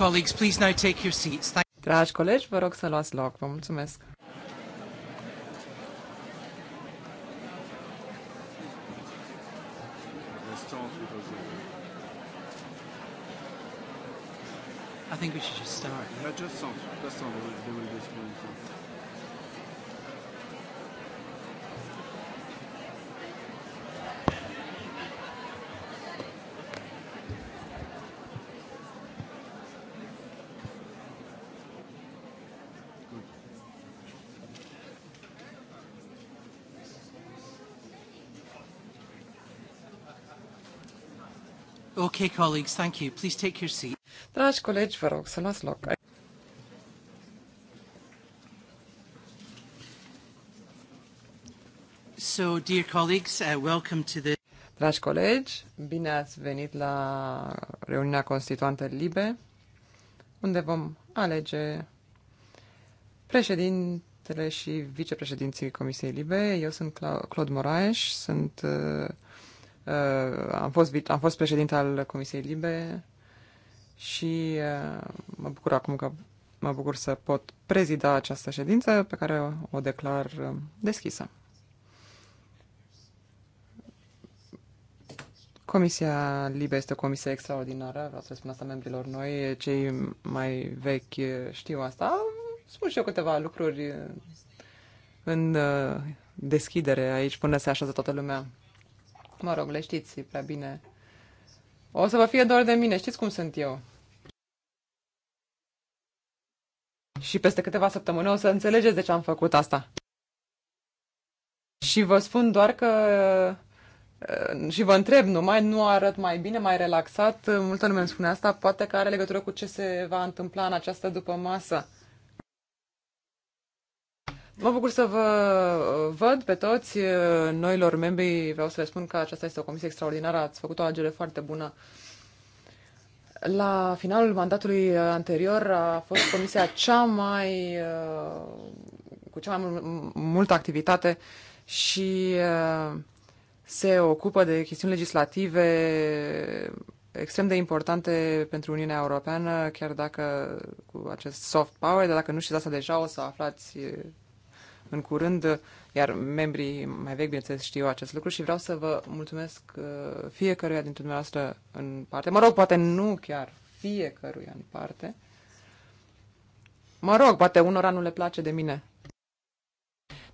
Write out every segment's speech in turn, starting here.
colleagues, please now take your seats. Dragi colegi, vă rog să luați loc. Vă mulțumesc. Okay, colleagues, thank you. Please take your seat. Dragi colegi, vă rog să luați loc. So, dear colleagues, uh, welcome to the... Dragi colegi, bine ați venit la reuniunea constituantă LIBE, unde vom alege președintele și vicepreședinții Comisiei LIBE. Eu sunt Cla Claude Moraes, sunt uh, Uh, am, fost, am fost președinte al Comisiei Libe și uh, mă bucur acum că mă bucur să pot prezida această ședință pe care o declar uh, deschisă. Comisia Libe este o comisie extraordinară, vreau să spun asta membrilor noi, cei mai vechi știu asta. Spun și eu câteva lucruri în deschidere aici până se așează toată lumea. Mă rog, le știți prea bine. O să vă fie doar de mine, știți cum sunt eu. Și peste câteva săptămâni o să înțelegeți de ce am făcut asta. Și vă spun doar că uh, și vă întreb nu mai nu arăt mai bine, mai relaxat? Multă lume îmi spune asta, poate că are legătură cu ce se va întâmpla în această după masă. Mă bucur să vă uh, văd pe toți uh, noilor membri. Vreau să le spun că aceasta este o comisie extraordinară. Ați făcut o agere foarte bună. La finalul mandatului uh, anterior a fost comisia cea mai cu cea mai multă activitate și se ocupă de chestiuni legislative extrem de importante pentru Uniunea Europeană, chiar dacă cu acest soft power, dar dacă nu știți asta deja, o să aflați în curând, iar membrii mai vechi, bineînțeles, știu acest lucru și vreau să vă mulțumesc uh, fiecăruia dintre dumneavoastră în parte. Mă rog, poate nu chiar fiecăruia în parte. Mă rog, poate unora nu le place de mine.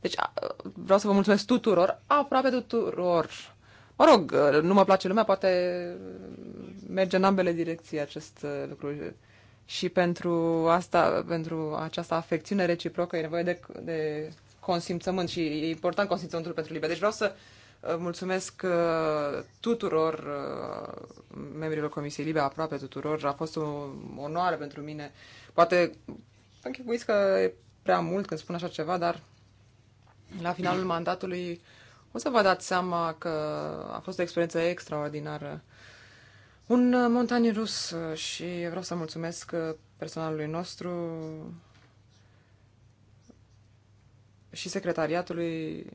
Deci vreau să vă mulțumesc tuturor, aproape tuturor. Mă rog, uh, nu mă place lumea, poate uh, merge în ambele direcții acest lucru. Și pentru asta, pentru această afecțiune reciprocă e nevoie de, de consimțământ și e important consimțământul pentru liber. Deci vreau să uh, mulțumesc uh, tuturor uh, membrilor Comisiei Libe, aproape tuturor. A fost o onoare pentru mine. Poate închipuiți că e prea mult când spun așa ceva, dar la finalul mandatului o să vă dați seama că a fost o experiență extraordinară. Un montan rus și vreau să mulțumesc personalului nostru, și secretariatului,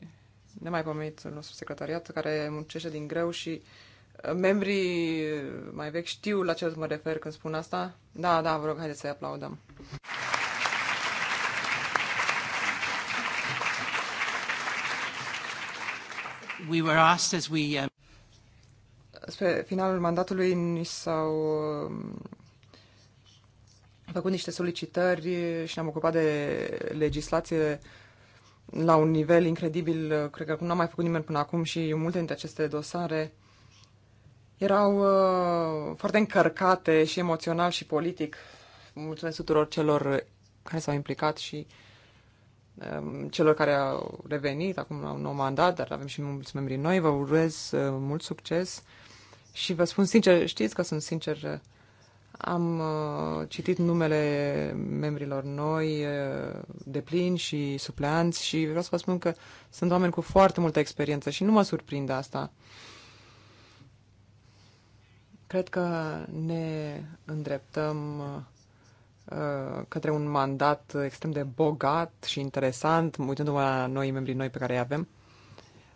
nemaipomenit nostru secretariat, care muncește din greu și uh, membrii mai vechi știu la ce mă refer când spun asta. Da, da, vă rog, haideți să-i aplaudăm. We were asked as we, um... Spre finalul mandatului ni s-au um, făcut niște solicitări și ne-am ocupat de legislație la un nivel incredibil, cred că cum n-a mai făcut nimeni până acum și multe dintre aceste dosare erau uh, foarte încărcate și emoțional și politic. Mulțumesc tuturor celor care s-au implicat și um, celor care au revenit acum la un nou mandat, dar avem și mulți membri noi. Vă urez uh, mult succes și vă spun sincer, știți că sunt sincer am uh, citit numele membrilor noi uh, de plin și supleanți și vreau să vă spun că sunt oameni cu foarte multă experiență și nu mă surprinde asta. Cred că ne îndreptăm uh, către un mandat extrem de bogat și interesant, uitându-mă la noi membrii noi pe care îi avem.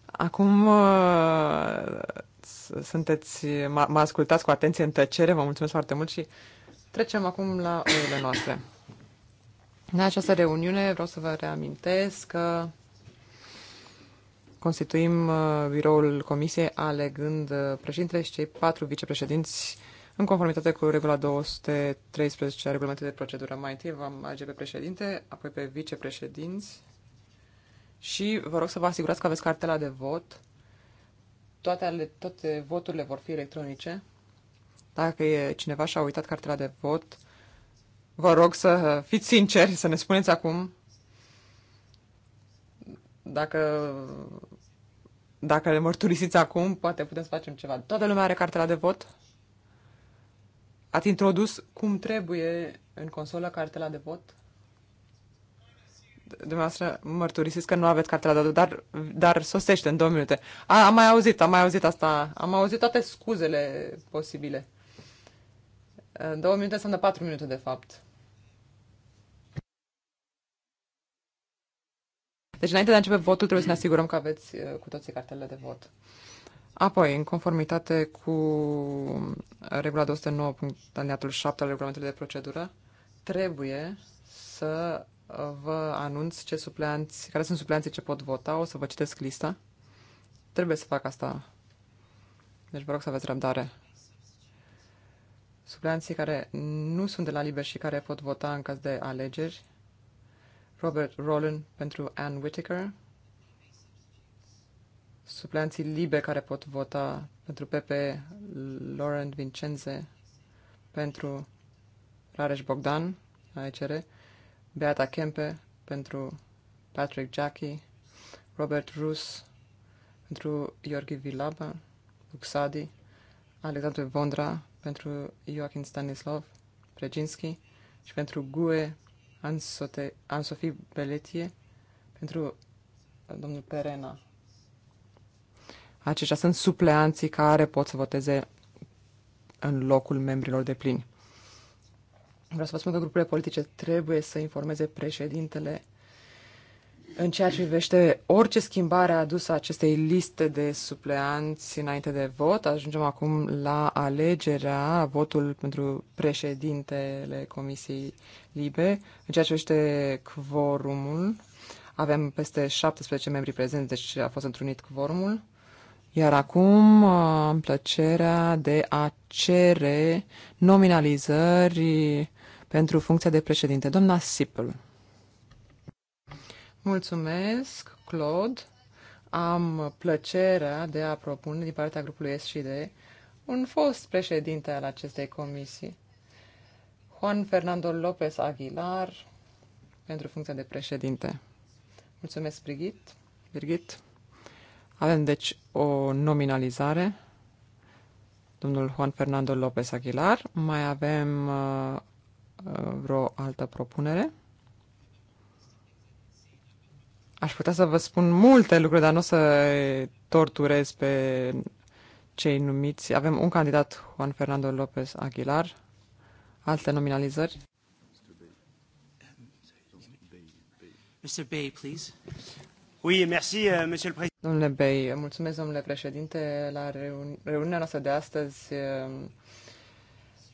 Acum sunteți, mă ascultați cu atenție în tăcere, vă mulțumesc foarte mult și trecem acum la oile noastre. În această reuniune vreau să vă reamintesc că constituim uh, biroul comisiei alegând uh, președintele și cei patru vicepreședinți în conformitate cu regula 213 a regulamentului de procedură. Mai întâi vom alege pe președinte, apoi pe vicepreședinți și vă rog să vă asigurați că aveți cartela de vot toate, ale, toate voturile vor fi electronice. Dacă e cineva și-a uitat cartela de vot, vă rog să fiți sinceri, să ne spuneți acum dacă, dacă le mărturisiți acum, poate putem să facem ceva. Toată lumea are cartela de vot? Ați introdus cum trebuie în consolă cartela de vot? dumneavoastră mărturisiți că nu aveți cartea de dar, dar sosește în două minute. A, am mai auzit, am mai auzit asta, am auzit toate scuzele posibile. Două minute sunt de patru minute, de fapt. Deci, înainte de a începe votul, trebuie să ne asigurăm că aveți uh, cu toții cartelele de vot. Apoi, în conformitate cu regula 209, alineatul 7 al regulamentului de procedură, trebuie să vă anunț ce supleanți, care sunt supleanții ce pot vota. O să vă citesc lista. Trebuie să fac asta. Deci vă rog să aveți răbdare. Supleanții care nu sunt de la liber și care pot vota în caz de alegeri. Robert Rowland pentru Ann Whitaker. Supleanții libe care pot vota pentru Pepe Laurent Vincenze, pentru Rareș Bogdan, AECR, Beata Kempe pentru Patrick Jackie, Robert Rus pentru Iorghi Vilaba, Luxadi, Alexandru Vondra pentru Joachim Stanislav, Preginski și pentru GUE Ansofi Ansofie Beletie pentru uh, domnul Perena. Aceștia sunt supleanții care pot să voteze în locul membrilor de plini. Vreau să vă spun că grupurile politice trebuie să informeze președintele în ceea ce privește orice schimbare adusă acestei liste de supleanți înainte de vot, ajungem acum la alegerea, votul pentru președintele Comisiei Libe. În ceea ce privește quorumul, avem peste 17 membri prezenți, deci a fost întrunit quorumul. Iar acum uh, am plăcerea de a cere nominalizări pentru funcția de președinte. Doamna Sipel. Mulțumesc, Claude. Am plăcerea de a propune din partea grupului SCD un fost președinte al acestei comisii, Juan Fernando López Aguilar, pentru funcția de președinte. Mulțumesc, Brigit. Birgit. Avem, deci, o nominalizare. Domnul Juan Fernando López Aguilar. Mai avem uh, Uh, vreo altă propunere. Aș putea să vă spun multe lucruri, dar nu o să torturez pe cei numiți. Avem un candidat, Juan Fernando López Aguilar. Alte nominalizări? Mr. Bay, please. Oui, merci, euh, monsieur le président. Domnule Bay, mulțumesc, domnule președinte. La reuni reuniunea noastră de astăzi um,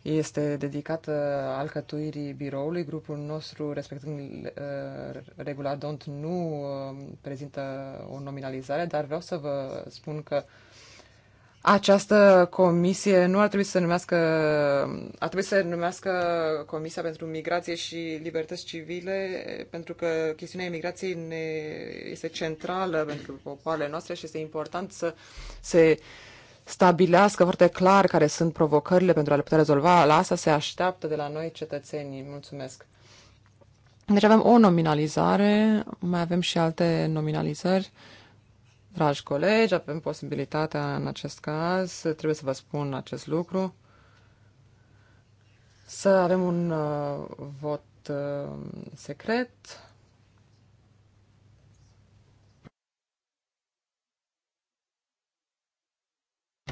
este dedicată uh, alcătuirii biroului. Grupul nostru, respectând uh, regula DONT, nu uh, prezintă o nominalizare, dar vreau să vă spun că această comisie nu ar trebui să se numească, ar trebui să se numească Comisia pentru Migrație și Libertăți Civile, pentru că chestiunea imigrației ne, este centrală pentru popoarele noastre și este important să se stabilească foarte clar care sunt provocările pentru a le putea rezolva. La asta se așteaptă de la noi cetățenii. Mulțumesc. Deci avem o nominalizare, mai avem și alte nominalizări. Dragi colegi, avem posibilitatea în acest caz, trebuie să vă spun acest lucru, să avem un uh, vot uh, secret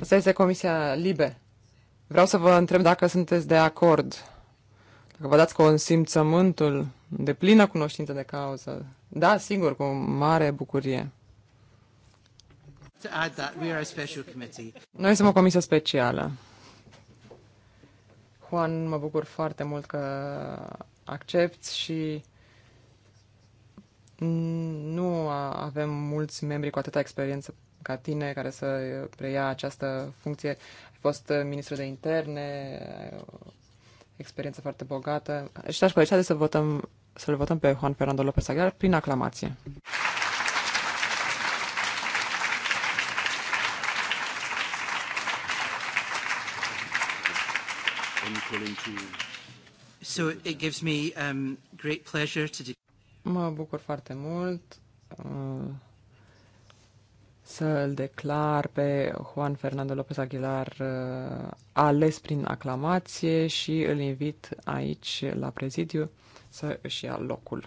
Asta este Comisia Libe. Vreau să vă întreb dacă sunteți de acord, dacă vă dați consimțământul de plină cunoștință de cauză. Da, sigur, cu mare bucurie. Noi suntem o comisie specială. Juan, mă bucur foarte mult că accepti și nu avem mulți membri cu atâta experiență ca tine care să preia această funcție. Ai fost ministru de interne, ai o experiență foarte bogată. Și dragi colegi, haideți să votăm, să-l votăm pe Juan Fernando López Aguilar prin aclamație. So it gives me um, great pleasure to Mă bucur foarte mult. Uh, să îl declar pe Juan Fernando López Aguilar uh, ales prin aclamație și îl invit aici la prezidiu să își ia locul.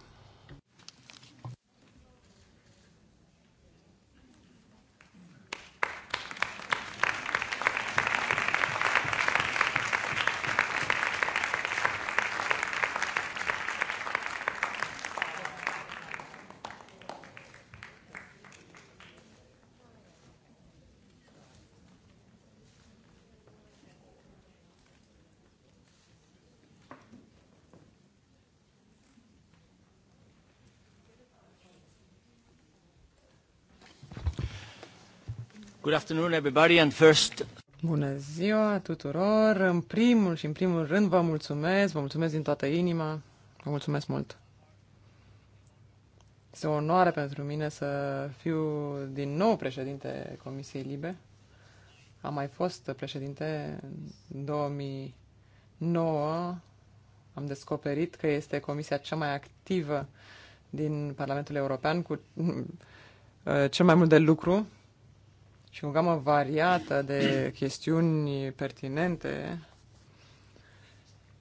Good afternoon, everybody, and first... Bună ziua tuturor! În primul și în primul rând vă mulțumesc, vă mulțumesc din toată inima, vă mulțumesc mult! Este o onoare pentru mine să fiu din nou președinte Comisiei Libe. Am mai fost președinte în 2009. Am descoperit că este comisia cea mai activă din Parlamentul European cu cel mai mult de lucru și o gamă variată de chestiuni pertinente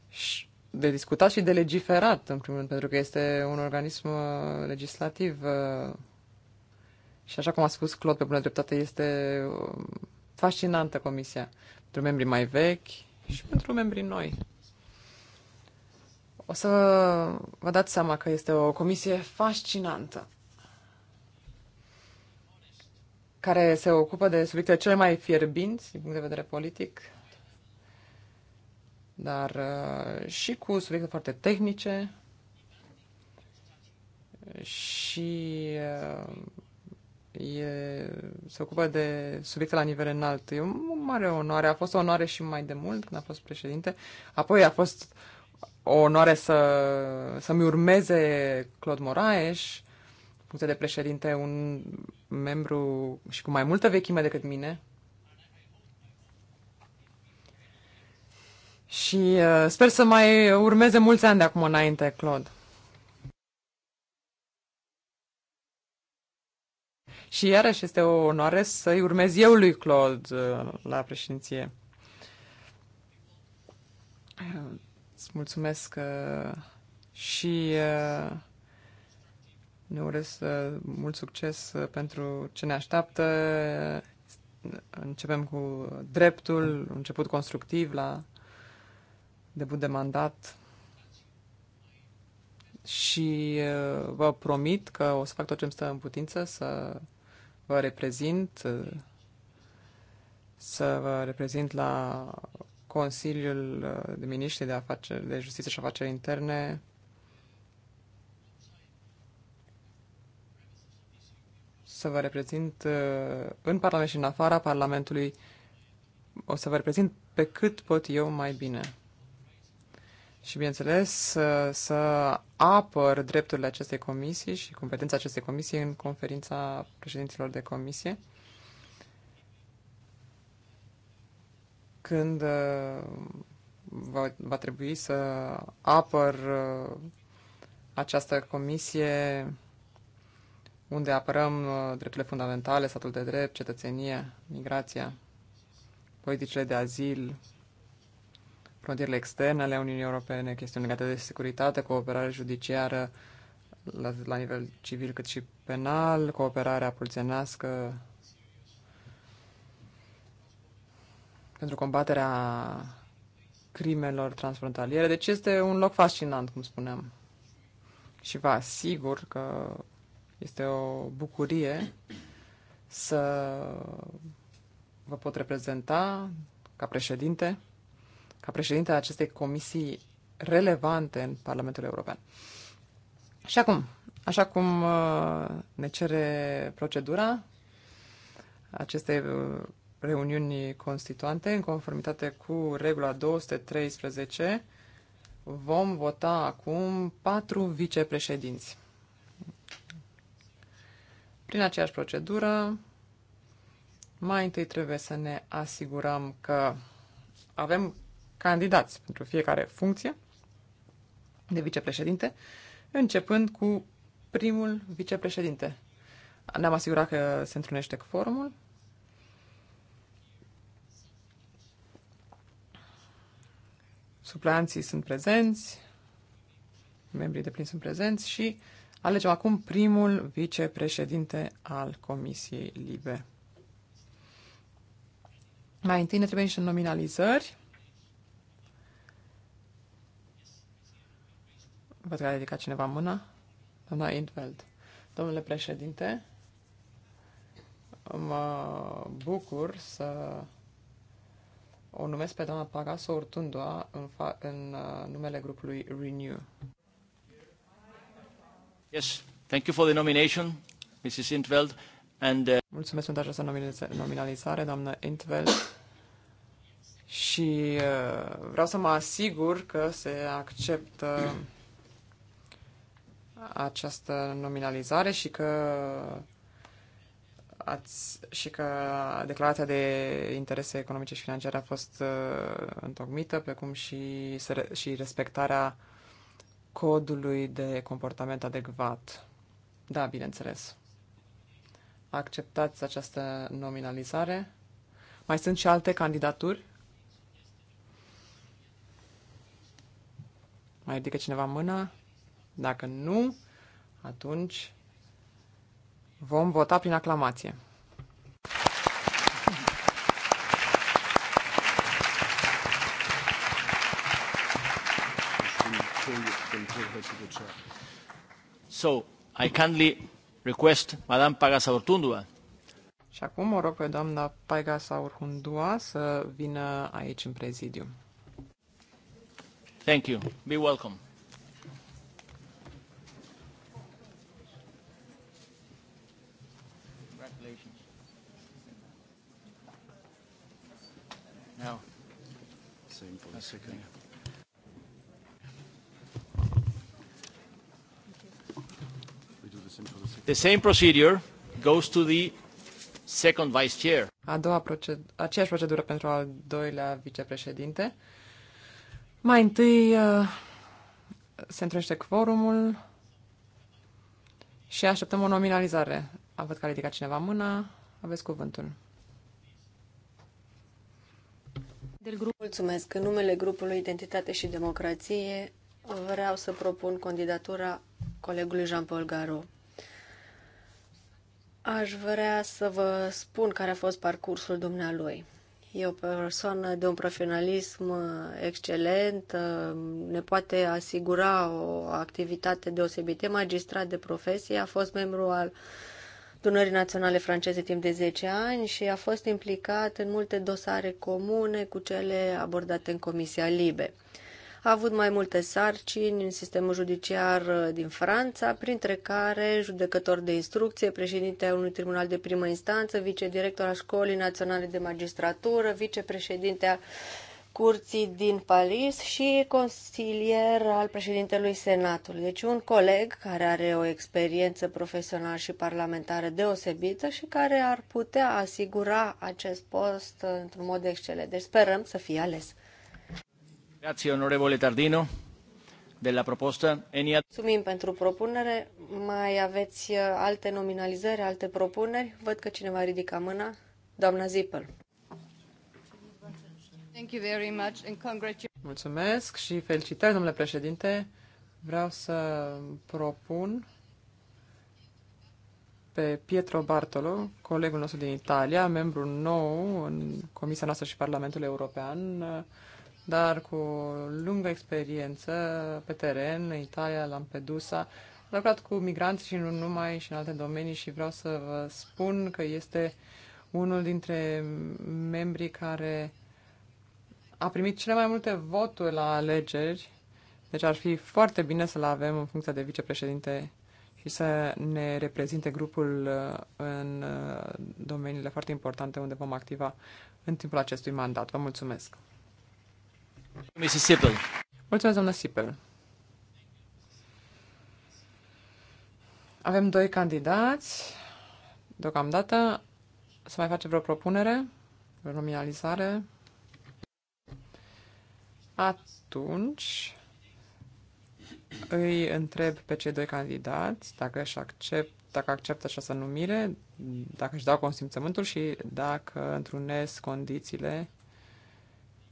și de discutat și de legiferat, în primul rând, pentru că este un organism uh, legislativ uh, și așa cum a spus Claude pe bună dreptate, este uh, fascinantă comisia pentru membrii mai vechi și pentru membrii noi. O să vă dați seama că este o comisie fascinantă care se ocupă de subiectele cele mai fierbinți din punct de vedere politic, dar uh, și cu subiecte foarte tehnice și uh, e, se ocupă de subiecte la nivel înalt. E o mare onoare. A fost o onoare și mai de mult când a fost președinte. Apoi a fost o onoare să, să-mi urmeze Claude Moraes puncte de președinte, un membru și cu mai multă vechime decât mine. Și uh, sper să mai urmeze mulți ani de acum înainte, Claude. Și iarăși este o onoare să-i urmez eu lui Claude uh, la președinție. Îți mulțumesc uh, și uh, ne urez uh, mult succes uh, pentru ce ne așteaptă. Începem cu dreptul, început constructiv la debut de mandat și uh, vă promit că o să fac tot ce îmi stă în putință să vă reprezint, să vă reprezint la Consiliul de Miniștri de, Afaceri, de Justiție și Afaceri Interne să vă reprezint uh, în Parlament și în afara Parlamentului. O să vă reprezint pe cât pot eu mai bine. Și, bineînțeles, să, să apăr drepturile acestei comisii și competența acestei comisii în conferința președinților de comisie. Când uh, va, va trebui să apăr uh, această comisie unde apărăm uh, drepturile fundamentale, statul de drept, cetățenia, migrația, politicile de azil, frontierele externe ale Uniunii Europene, chestiuni legate de securitate, cooperare judiciară, la, la nivel civil cât și penal, cooperarea polițienească pentru combaterea crimelor transfrontaliere. Deci este un loc fascinant, cum spuneam. Și vă asigur că este o bucurie să vă pot reprezenta ca președinte, ca președinte a acestei comisii relevante în Parlamentul European. Și acum, așa cum uh, ne cere procedura acestei uh, reuniuni constituante, în conformitate cu regula 213, vom vota acum patru vicepreședinți. Prin aceeași procedură, mai întâi trebuie să ne asigurăm că avem candidați pentru fiecare funcție de vicepreședinte, începând cu primul vicepreședinte. Ne-am asigurat că se întrunește formul. Suplanții sunt prezenți, membrii de plin sunt prezenți și uh, Alegem acum primul vicepreședinte al Comisiei Libe. Mai întâi ne trebuie niște nominalizări. Văd că a ridicat cineva mâna. Doamna Intveld. Domnule președinte, mă bucur să o numesc pe doamna Pagaso Ortundua în, în uh, numele grupului Renew. Yes, thank you for the nomination, Mrs. Intveld. And, uh... Mulțumesc pentru această nominalizare, doamnă Intveld. Și uh, vreau să mă asigur că se acceptă uh, această nominalizare și că ați, și că declarația de interese economice și financiare a fost uh, întocmită, precum și, și respectarea uh, codului de comportament adecvat. Da, bineînțeles. Acceptați această nominalizare? Mai sunt și alte candidaturi? Mai ridică cineva mâna? Dacă nu, atunci vom vota prin aclamație. culture. So, I kindly request Madame Pagasaurtundua. Și acum o rog pe doamna Pagasaurtundua să vină aici în prezidiu. Thank you. Be welcome. Congratulations. Now. Same for the second. The same procedure goes to the second vice chair. A doua proced- aceeași procedură pentru al doilea vicepreședinte. Mai întâi uh, se întrește quorumul și așteptăm o nominalizare. Am văzut că a ridicat cineva mâna. Aveți cuvântul. Del grup, mulțumesc. În numele grupului Identitate și Democrație vreau să propun candidatura colegului Jean-Paul Garou. Aș vrea să vă spun care a fost parcursul dumnealui. E o persoană de un profesionalism uh, excelent, uh, ne poate asigura o activitate deosebită, magistrat de profesie, a fost membru al Dunării Naționale Franceze timp de 10 ani și a fost implicat în multe dosare comune cu cele abordate în Comisia Libe a avut mai multe sarcini în sistemul judiciar uh, din Franța, printre care judecător de instrucție, președinte al unui tribunal de primă instanță, vicedirector al Școlii Naționale de Magistratură, vicepreședinte al curții din Paris și consilier al președintelui Senatului. Deci un coleg care are o experiență profesională și parlamentară deosebită și care ar putea asigura acest post într-un mod excelent. Deci sperăm să fie ales. Grazie, onorevole Tardino, Mulțumim pentru propunere. Mai aveți uh, alte nominalizări, alte propuneri? Văd că cineva ridica mâna. Doamna Zipel. Thank you very much and congratulations. Mulțumesc și felicitări, domnule președinte. Vreau să propun pe Pietro Bartolo, colegul nostru din Italia, membru nou în Comisia noastră și Parlamentul European, dar cu lungă experiență pe teren, în Italia, Lampedusa. Am lucrat cu migranți și nu numai, și în alte domenii și vreau să vă spun că este unul dintre membrii care a primit cele mai multe voturi la alegeri, deci ar fi foarte bine să-l avem în funcția de vicepreședinte și să ne reprezinte grupul uh, în uh, domeniile foarte importante unde vom activa în timpul acestui mandat. Vă mulțumesc! Mrs. Sipel. Mulțumesc, doamna Sipel. Avem doi candidați. Deocamdată să mai face vreo propunere, vreo nominalizare. Atunci îi întreb pe cei doi candidați dacă își accept, dacă acceptă această numire, dacă își dau consimțământul și dacă întrunesc condițiile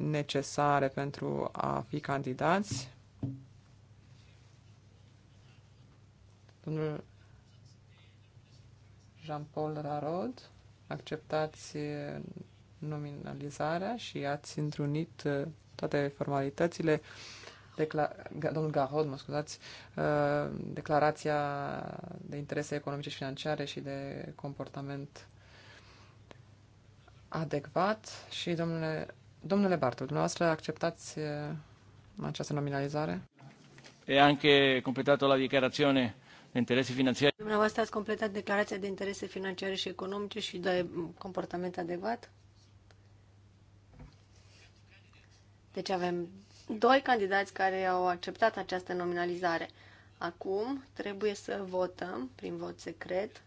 necesare pentru a fi candidați. Domnul Jean-Paul Rarod, acceptați nominalizarea și ați întrunit uh, toate formalitățile. Decla- domnul Garod, mă scuzați, uh, declarația de interese economice și financiare și de comportament adecvat și, domnule Domnule Bartul, dumneavoastră acceptați eh, această nominalizare? E anche completato la dichiarazione de interese financiare. Dumneavoastră ați completat declarația de interese financiare și economice și de comportament adecvat? Deci avem doi candidați care au acceptat această nominalizare. Acum trebuie să votăm prin vot secret,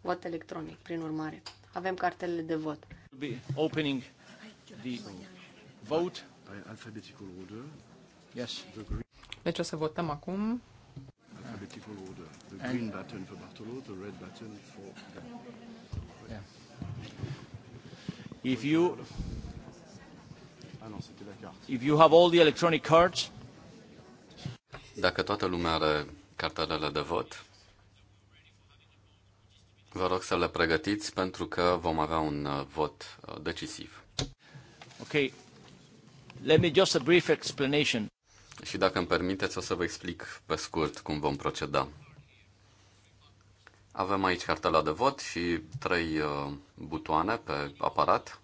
vot electronic, prin urmare. Avem cartelele de vot. Opening the vote. By alphabetical order. Yes. The green. Deci o să votăm acum. Alphabetical order. The green button for Bartolo, the red button for. Yeah. If you. Ah, If you have all the electronic cards. Dacă toată lumea are cartelele de vot, Vă rog să le pregătiți pentru că vom avea un uh, vot uh, decisiv. Okay. Let me just a brief explanation. Și dacă îmi permiteți, o să vă explic pe scurt cum vom proceda. Avem aici cartela de vot și trei uh, butoane pe aparat.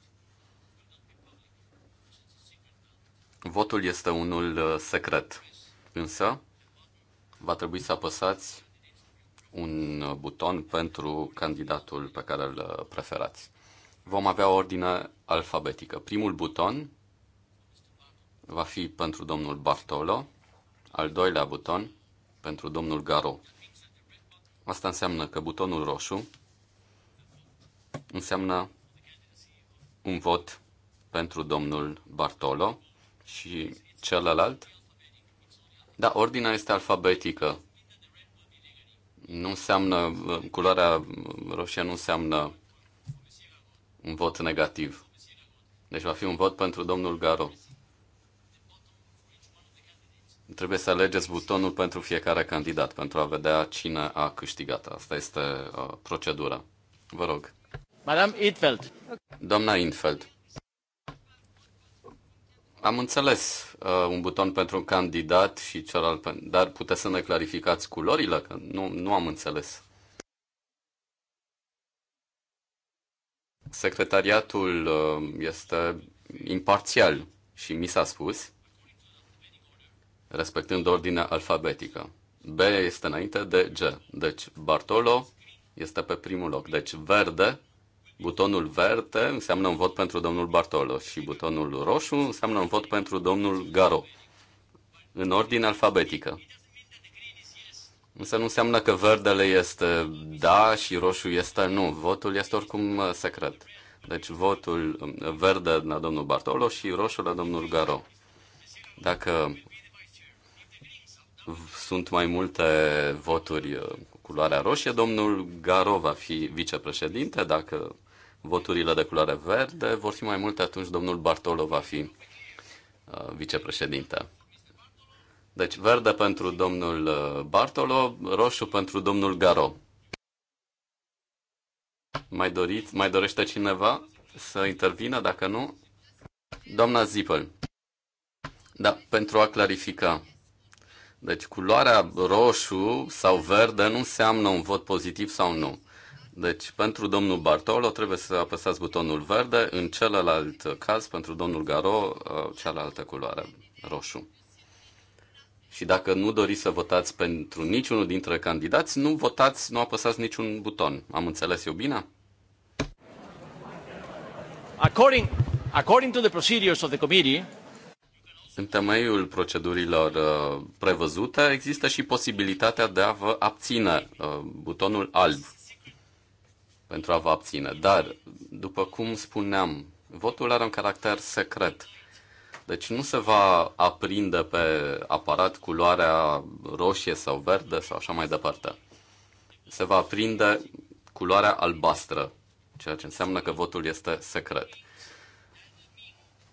Votul este unul uh, secret, însă va trebui să apăsați un uh, buton pentru candidatul pe care îl preferați. Vom avea o ordine alfabetică. Primul buton va fi pentru domnul Bartolo, al doilea buton pentru domnul Garo. Asta înseamnă că butonul roșu înseamnă un vot pentru domnul Bartolo și celălalt. Da, ordinea este alfabetică. Nu înseamnă, culoarea roșie nu înseamnă un vot negativ. Deci va fi un vot pentru domnul Garo. Trebuie să alegeți butonul pentru fiecare candidat, pentru a vedea cine a câștigat. Asta este uh, procedura. Vă rog. Madame Infeld. Doamna Infeld. Am înțeles uh, un buton pentru un candidat și celălalt, dar puteți să ne clarificați culorile? Că nu, nu am înțeles. secretariatul uh, este imparțial și mi s-a spus, respectând ordinea alfabetică. B este înainte de G. Deci Bartolo este pe primul loc. Deci verde, butonul verde înseamnă un vot pentru domnul Bartolo și butonul roșu înseamnă un vot pentru domnul Garo. În ordine alfabetică. Însă nu înseamnă că verdele este da și roșu este nu. Votul este oricum uh, secret. Deci votul um, verde la domnul Bartolo și roșu la domnul Garo. Dacă sunt mai multe voturi uh, cu culoarea roșie, domnul Garo va fi vicepreședinte. Dacă voturile de culoare verde vor fi mai multe, atunci domnul Bartolo va fi uh, vicepreședinte. Deci verde pentru domnul uh, Bartolo, roșu pentru domnul Garo. Mai, doriți, mai dorește cineva să intervină? Dacă nu, doamna Zipel. Da, pentru a clarifica. Deci culoarea roșu sau verde nu înseamnă un vot pozitiv sau nu. Deci pentru domnul Bartolo trebuie să apăsați butonul verde, în celălalt caz pentru domnul Garo uh, cealaltă culoare, roșu. Și dacă nu doriți să votați pentru niciunul dintre candidați, nu votați, nu apăsați niciun buton. Am înțeles eu bine? According, according to the procedures of the committee, în temeiul procedurilor uh, prevăzute, există și posibilitatea de a vă abține uh, butonul alb pentru a vă abține. Dar, după cum spuneam, votul are un caracter secret deci nu se va aprinde pe aparat culoarea roșie sau verde sau așa mai departe. Se va aprinde culoarea albastră, ceea ce înseamnă că votul este secret.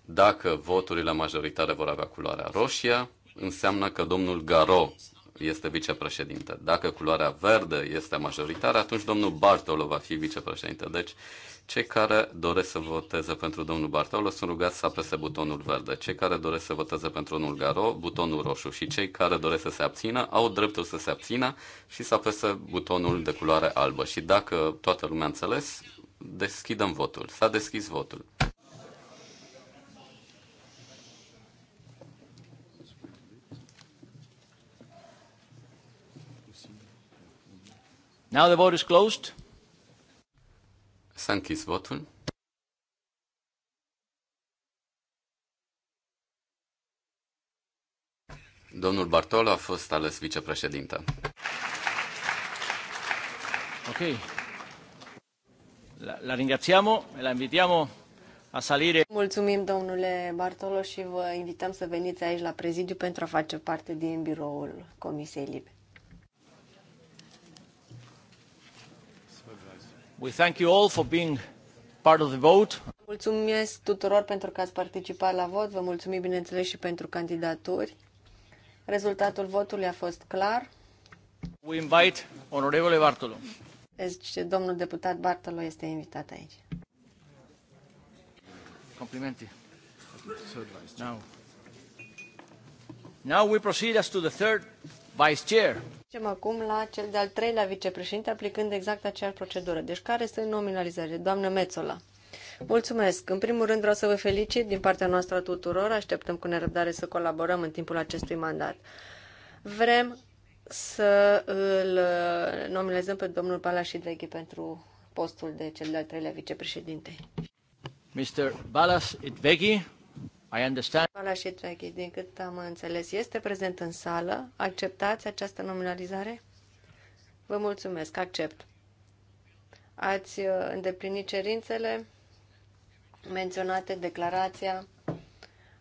Dacă voturile majoritare vor avea culoarea roșie, înseamnă că domnul Garo este vicepreședinte. Dacă culoarea verde este majoritară, atunci domnul Bartolo va fi vicepreședinte. Deci cei care doresc să voteze pentru domnul Bartolo sunt rugați să apese butonul verde. Cei care doresc să voteze pentru domnul Garo, butonul roșu. Și cei care doresc să se abțină au dreptul să se abțină și să apese butonul de culoare albă. Și dacă toată lumea a înțeles, deschidem votul. S-a deschis votul. Now the vote is closed. S-a închis votul. Domnul Bartolo a fost ales vicepreședinte. Ok. La, la ringrațiamo, la invitiamo a salire. Mulțumim, domnule Bartolo, și vă invităm să veniți aici la prezidiu pentru a face parte din biroul Comisiei Libe. We thank you all for being part of the vote. Mulțumesc tuturor pentru că ați participat la vot. Vă mulțumim, bineînțeles, și pentru candidaturi. Rezultatul votului a fost clar. We invite Honorable Bartolo. Deci, domnul deputat Bartolo este invitat aici. Complimente. Now. Now we proceed as to the third Vice Chair. Trecem acum la cel de-al treilea vicepreședinte, aplicând exact aceeași procedură. Deci care este nominalizare? Doamnă Mețola. Mulțumesc! În primul rând vreau să vă felicit din partea noastră tuturor. Așteptăm cu nerăbdare să colaborăm în timpul acestui mandat. Vrem să îl uh, nominalizăm pe domnul Balașideghi pentru postul de cel de-al treilea vicepreședinte. Mr. Balas Itveghi, I understand. Pala și Draghi, din cât am înțeles, este prezent în sală. Acceptați această nominalizare? Vă mulțumesc, accept. Ați uh, îndeplinit cerințele menționate, declarația,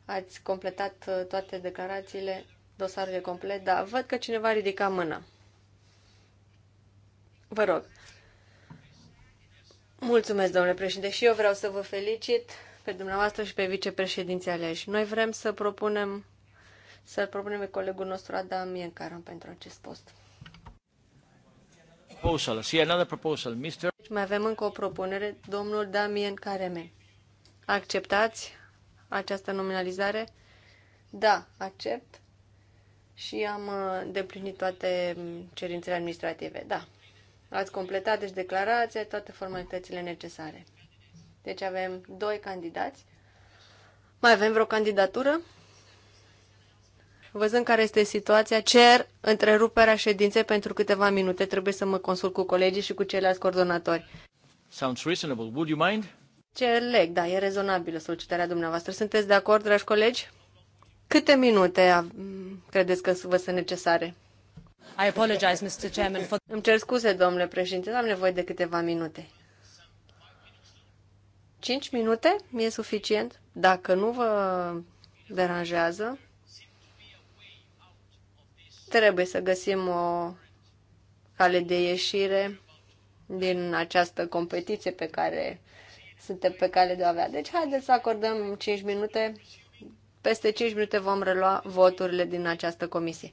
ați completat uh, toate declarațiile, dosarul e complet, dar văd că cineva ridica mâna. Vă rog. Mulțumesc, domnule președinte, și eu vreau să vă felicit pe dumneavoastră și pe vicepreședinții aleși. Noi vrem să propunem să propunem pe colegul nostru Adam Iencaran pentru acest post. Proposal. See another proposal. Mister... Deci mai avem încă o propunere, domnul Damien Careme. Acceptați această nominalizare? Da, accept. Și am uh, deplinit toate mm, cerințele administrative. Da. Ați completat, deci, declarația, toate formalitățile necesare. Deci avem doi candidați. Mai avem vreo candidatură? Văzând care este situația, cer întreruperea ședinței pentru câteva minute. Trebuie să mă consult cu colegii și cu ceilalți coordonatori. Sounds reasonable. Would you mind? Ce leg, da, e rezonabilă solicitarea dumneavoastră. Sunteți de acord, dragi colegi? Câte minute credeți că vă sunt necesare? I apologize, Mr. Chairman, for... Îmi cer scuze, domnule președinte, am nevoie de câteva minute. 5 minute mi-e suficient, dacă nu vă deranjează. Trebuie să găsim o cale de ieșire din această competiție pe care suntem pe cale de a avea. Deci haideți să acordăm 5 minute. Peste 5 minute vom relua voturile din această comisie.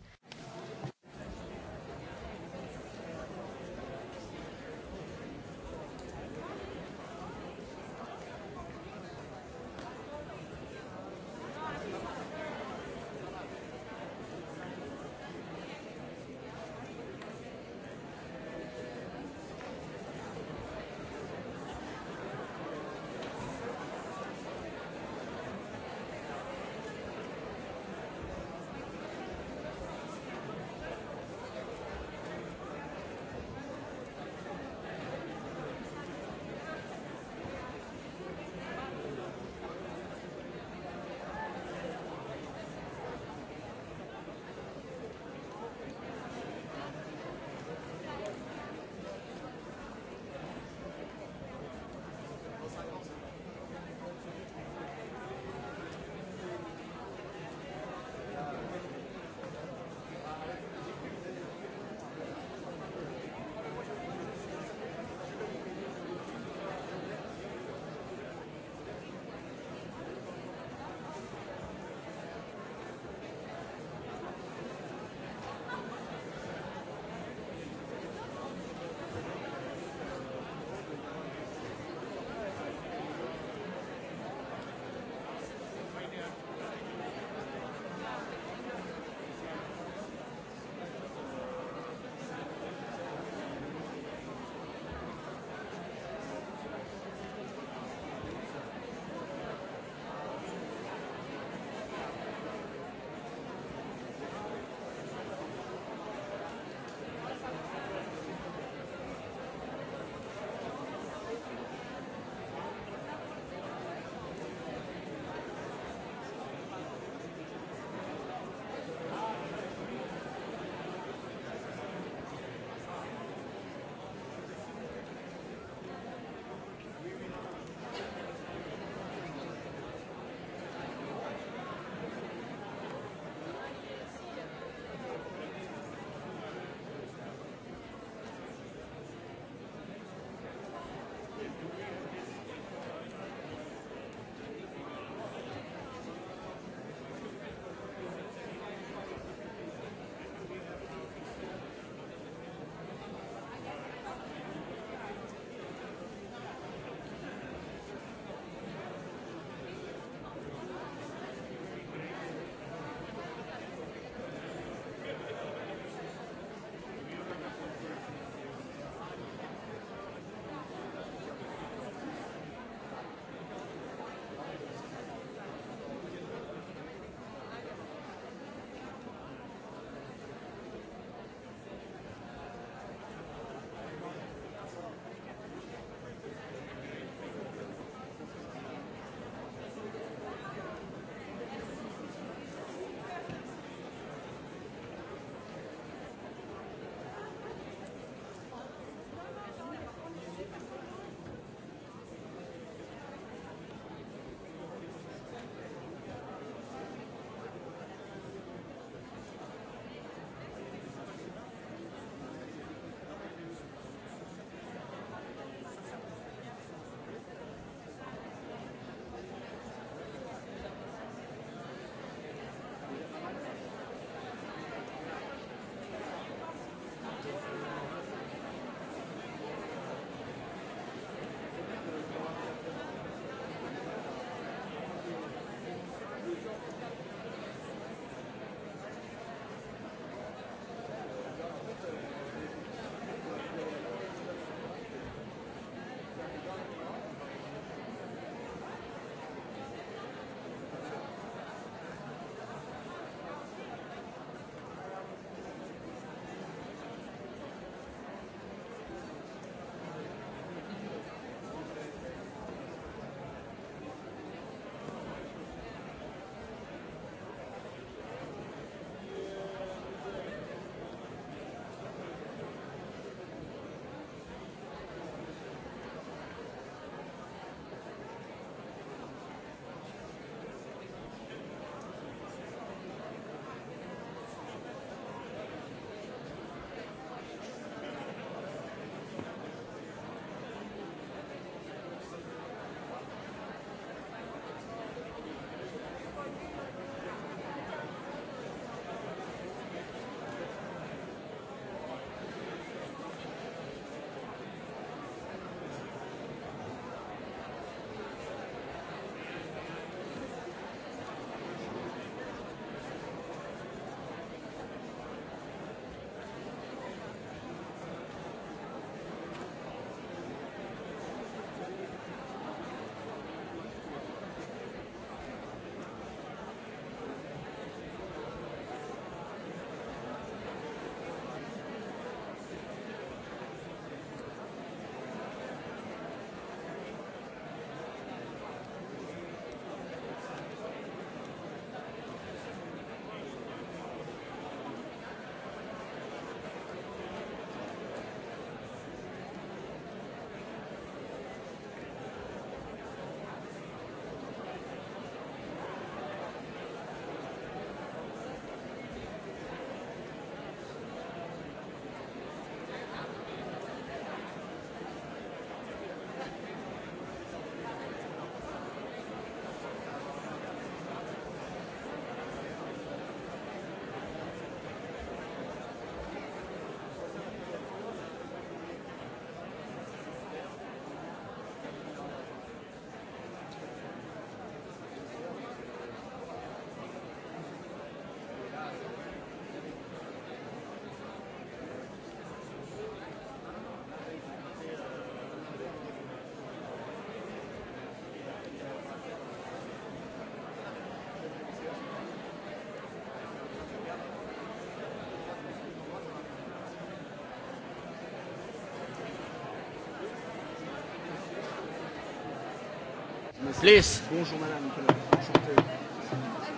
Please. Bonjour, madame.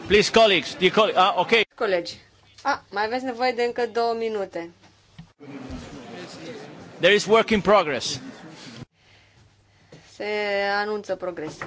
Please, colleagues. colleagues. Ah, ok. Colegi. Ah, mai aveți nevoie de încă două minute. There is work in progress. Se anunță progres.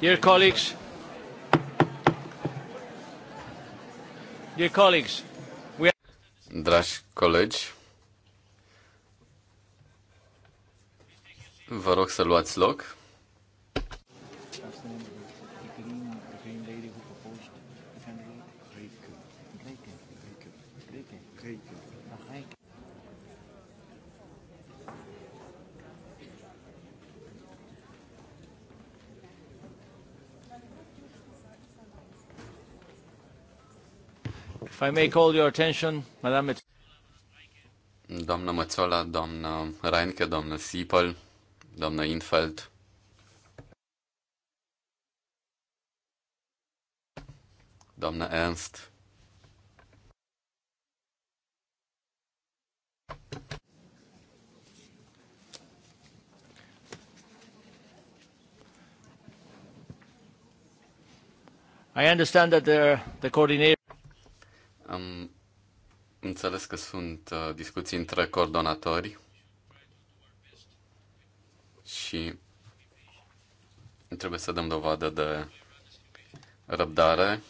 Dear colleagues, dear colleagues, we are... Dragi colegi, vă rog să luați loc. I may call your attention, Madame Doamna Mățola, doamna Reinke, doamna Sipel, doamna Infeld. Doamna Ernst. I understand that the, the coordinator Înțeles că sunt uh, discuții între coordonatori și trebuie să dăm dovadă de răbdare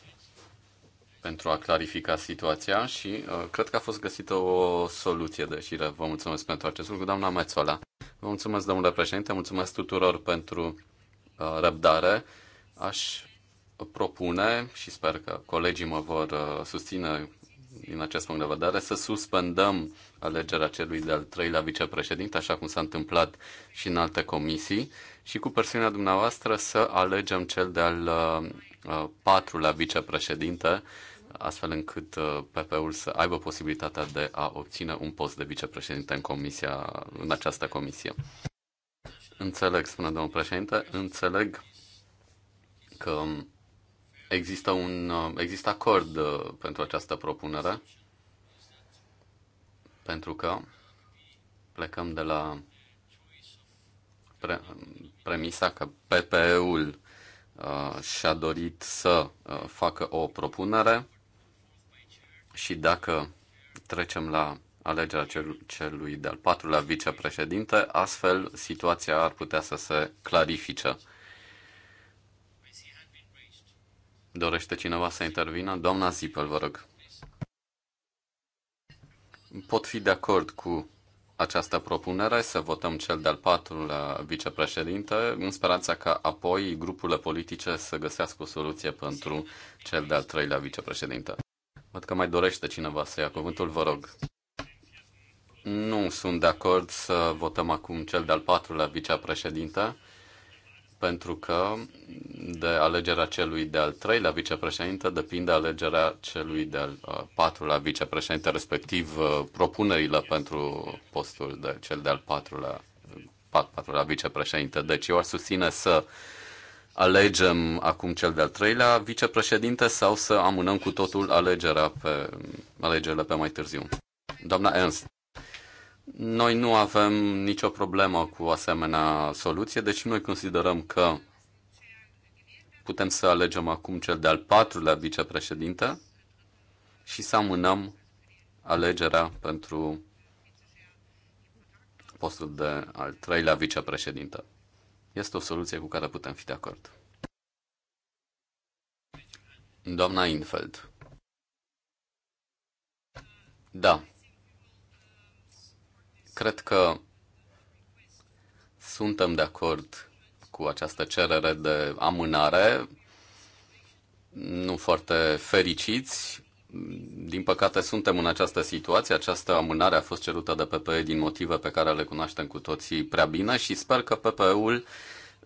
pentru a clarifica situația și uh, cred că a fost găsită o soluție de șire. Vă mulțumesc pentru acest lucru, doamna Mețola. Vă mulțumesc, domnule președinte, mulțumesc tuturor pentru uh, răbdare. Aș propune și sper că colegii mă vor uh, susține din acest punct de vedere, să suspendăm alegerea celui de-al treilea vicepreședinte, așa cum s-a întâmplat și în alte comisii, și cu persoana dumneavoastră să alegem cel de-al uh, patrulea vicepreședinte, astfel încât uh, PP-ul să aibă posibilitatea de a obține un post de vicepreședinte în, comisia, în această comisie. Înțeleg, spune domnul președinte, înțeleg că um, Există un uh, există acord uh, pentru această propunere pentru că plecăm de la pre, premisa că PPE-ul uh, și-a dorit să uh, facă o propunere și dacă trecem la alegerea cel, celui de-al patrulea vicepreședinte, astfel situația ar putea să se clarifice. Dorește cineva să intervină? Doamna Zipel, vă rog. Pot fi de acord cu această propunere, să votăm cel de-al patrulea vicepreședinte, în speranța ca apoi grupurile politice să găsească o soluție pentru cel de-al treilea vicepreședinte. Văd că mai dorește cineva să ia cuvântul, vă rog. Nu sunt de acord să votăm acum cel de-al patrulea vicepreședinte pentru că de alegerea celui de-al treilea vicepreședinte depinde alegerea celui de-al uh, patrulea vicepreședinte, respectiv uh, propunerile pentru postul de cel de-al patrulea, pat, patrulea vicepreședinte. Deci eu aș susține să alegem acum cel de-al treilea vicepreședinte sau să amânăm cu totul alegerea pe, alegerile pe mai târziu. Doamna Ernst, noi nu avem nicio problemă cu o asemenea soluție, deci noi considerăm că putem să alegem acum cel de-al patrulea vicepreședinte și să amânăm alegerea pentru postul de al treilea vicepreședinte. Este o soluție cu care putem fi de acord. Doamna Infeld. Da, Cred că suntem de acord cu această cerere de amânare, nu foarte fericiți. Din păcate suntem în această situație. Această amânare a fost cerută de PPE din motive pe care le cunoaștem cu toții prea bine și sper că PPE-ul uh,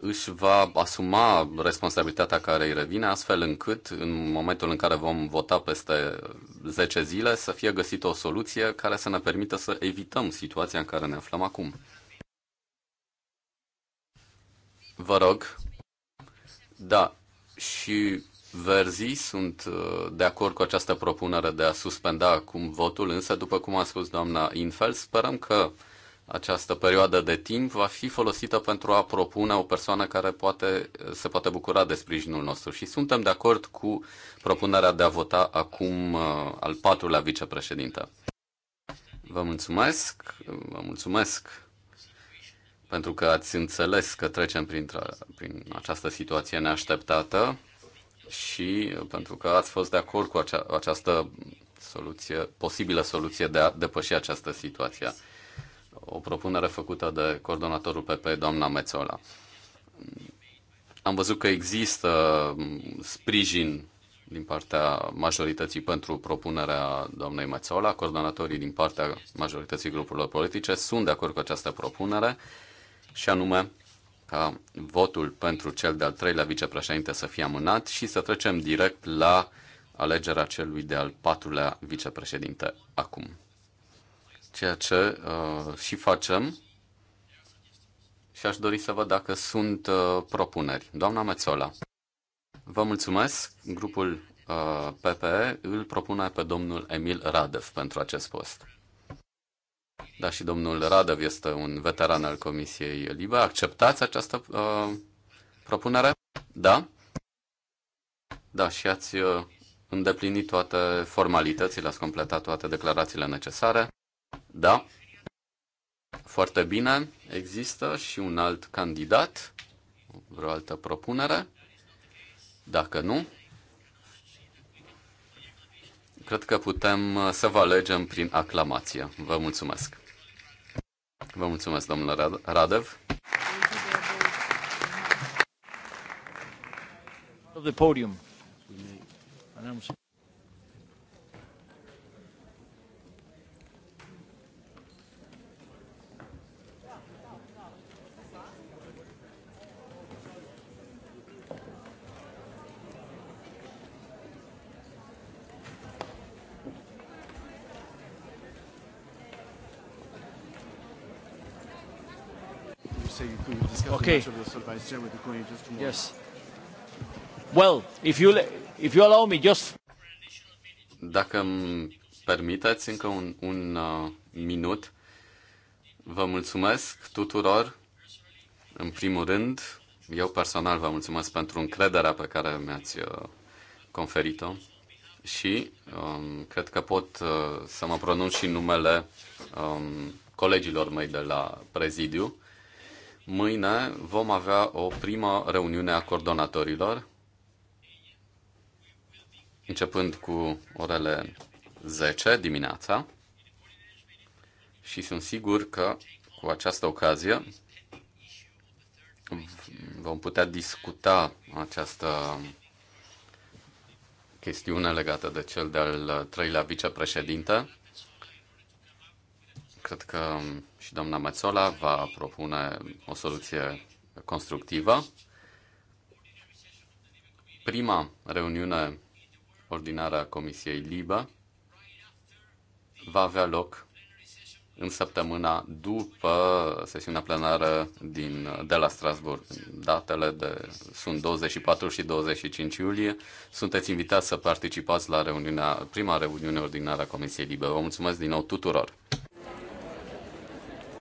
își va asuma responsabilitatea care îi revine, astfel încât, în momentul în care vom vota peste 10 zile, să fie găsită o soluție care să ne permită să evităm situația în care ne aflăm acum. Vă rog. Da, și Verzii sunt uh, de acord cu această propunere de a suspenda acum votul, însă, după cum a spus doamna Infel, sperăm că această perioadă de timp va fi folosită pentru a propune o persoană care poate, se poate bucura de sprijinul nostru. Și suntem de acord cu propunerea de a vota acum uh, al patrulea vicepreședinte. Vă mulțumesc, vă mulțumesc pentru că ați înțeles că trecem prin această situație neașteptată și pentru că ați fost de acord cu acea, această soluție, posibilă soluție de a depăși această situație o propunere făcută de coordonatorul PP, doamna Mețola. Am văzut că există sprijin din partea majorității pentru propunerea doamnei Mețola. Coordonatorii din partea majorității grupurilor politice sunt de acord cu această propunere și anume ca votul pentru cel de-al treilea vicepreședinte să fie amânat și să trecem direct la alegerea celui de-al patrulea vicepreședinte acum ceea ce uh, și facem și aș dori să văd dacă sunt uh, propuneri. Doamna Mețola, vă mulțumesc. Grupul uh, PPE îl propune pe domnul Emil Radev pentru acest post. Da, și domnul Radev este un veteran al Comisiei Libe. Acceptați această uh, propunere? Da? Da, și ați uh, îndeplinit toate formalitățile, ați completat toate declarațiile necesare. Da? Foarte bine. Există și un alt candidat? Vreo altă propunere? Dacă nu, cred că putem uh, să vă alegem prin aclamație. Vă mulțumesc. Vă mulțumesc, domnule Radev. Of the podium. say you could discuss okay. the match of the Solvay chair with the just tomorrow. Yes. Well, if you, if you allow me, just... Dacă îmi permiteți încă un, un uh, minut, vă mulțumesc tuturor. În primul rând, eu personal vă mulțumesc pentru încrederea pe care mi-ați uh, conferit-o și um, cred că pot uh, să mă pronunț și numele um, colegilor mei de la prezidiu. Mâine vom avea o primă reuniune a coordonatorilor, începând cu orele 10 dimineața și sunt sigur că cu această ocazie vom putea discuta această chestiune legată de cel de-al treilea vicepreședinte. Cred că și doamna Mețola va propune o soluție constructivă. Prima reuniune ordinară a Comisiei Libă va avea loc în săptămâna după sesiunea plenară din, de la Strasburg. Datele de, sunt 24 și 25 iulie. Sunteți invitați să participați la reuniunea, prima reuniune ordinară a Comisiei Libă. Vă mulțumesc din nou tuturor!